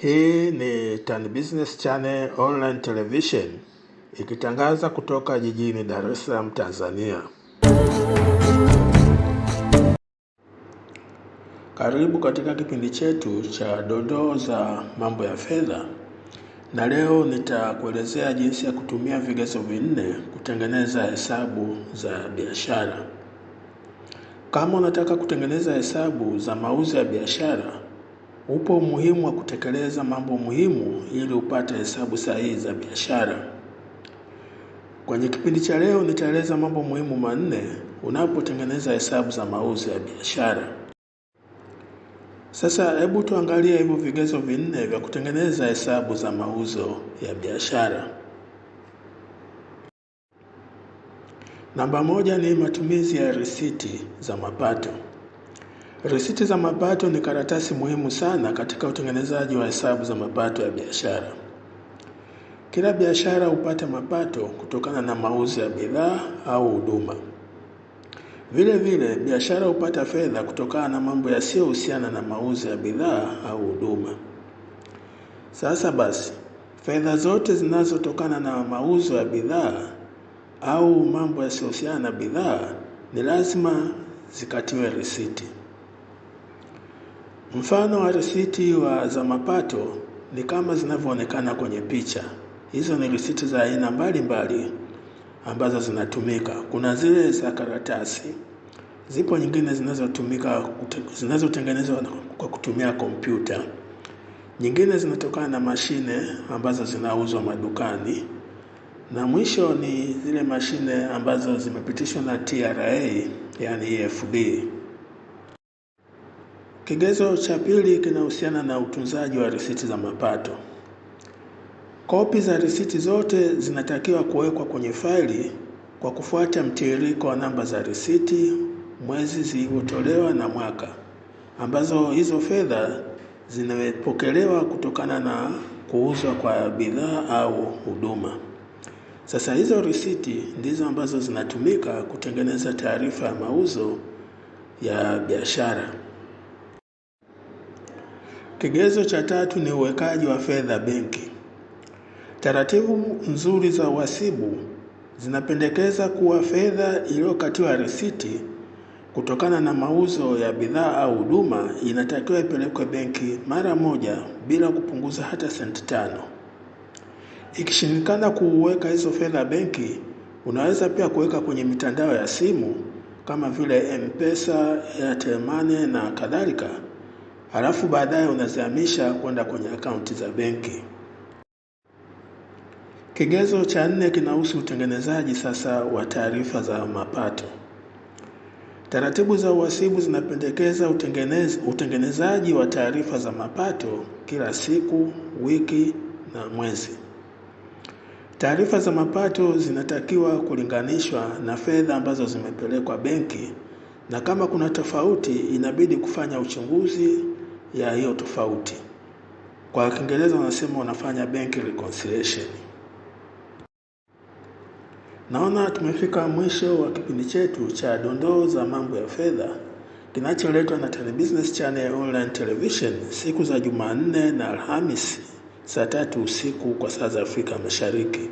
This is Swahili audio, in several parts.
Hii ni Tan Business Channel Online Television ikitangaza kutoka jijini Dar es Salaam, Tanzania. Karibu katika kipindi chetu cha dondoo za mambo ya fedha, na leo nitakuelezea jinsi ya kutumia vigezo vinne kutengeneza hesabu za biashara. Kama unataka kutengeneza hesabu za mauzo ya biashara Upo umuhimu wa kutekeleza mambo muhimu ili upate hesabu sahihi za biashara. Kwenye kipindi cha leo nitaeleza mambo muhimu manne unapotengeneza hesabu za mauzo ya biashara. Sasa hebu tuangalie hivyo vigezo vinne vya kutengeneza hesabu za mauzo ya biashara. Namba moja ni matumizi ya risiti za mapato. Risiti za mapato ni karatasi muhimu sana katika utengenezaji wa hesabu za mapato ya biashara. Kila biashara hupata mapato kutokana na mauzo ya bidhaa au huduma. Vile vile, biashara hupata fedha kutokana na mambo yasiyohusiana na mauzo ya bidhaa au huduma. Sasa basi, fedha zote zinazotokana na mauzo ya bidhaa au mambo yasiyohusiana na bidhaa ni lazima zikatiwe risiti. Mfano wa risiti wa za mapato ni kama zinavyoonekana kwenye picha. Hizo ni risiti za aina mbalimbali ambazo zinatumika. Kuna zile za karatasi, zipo nyingine zinazotumika zinazotengenezwa kwa kutumia kompyuta, nyingine zinatokana na mashine ambazo zinauzwa madukani, na mwisho ni zile mashine ambazo zimepitishwa na TRA, yani EFD. Kigezo cha pili kinahusiana na utunzaji wa risiti za mapato. Kopi za risiti zote zinatakiwa kuwekwa kwenye faili kwa kufuata mtiririko wa namba za risiti, mwezi zilivyotolewa na mwaka, ambazo hizo fedha zinapokelewa kutokana na kuuzwa kwa bidhaa au huduma. Sasa hizo risiti ndizo ambazo zinatumika kutengeneza taarifa ya mauzo ya biashara. Kigezo cha tatu ni uwekaji wa fedha benki. Taratibu nzuri za uhasibu zinapendekeza kuwa fedha iliyokatiwa risiti kutokana na mauzo ya bidhaa au huduma inatakiwa ipelekwe benki mara moja bila kupunguza hata senti tano. Ikishindikana kuweka hizo fedha benki, unaweza pia kuweka kwenye mitandao ya simu kama vile M-Pesa, Airtel Money na kadhalika halafu baadaye unazihamisha kwenda kwenye akaunti za benki. Kigezo cha nne kinahusu utengenezaji sasa wa taarifa za mapato. Taratibu za uhasibu zinapendekeza utengenez, utengenezaji wa taarifa za mapato kila siku, wiki na mwezi. Taarifa za mapato zinatakiwa kulinganishwa na fedha ambazo zimepelekwa benki na kama kuna tofauti inabidi kufanya uchunguzi ya hiyo tofauti. Kwa Kiingereza wanasema wanafanya bank reconciliation. Naona tumefika mwisho wa kipindi chetu cha dondoo za mambo ya fedha kinacholetwa na Tan Business Channel Online Television siku za Jumanne na Alhamisi saa tatu usiku kwa saa za Afrika Mashariki.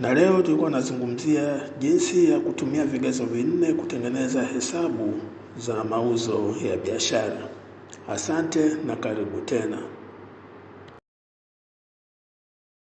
Na leo tulikuwa nazungumzia jinsi ya kutumia vigezo vinne kutengeneza hesabu za mauzo ya biashara. Asante na karibu tena.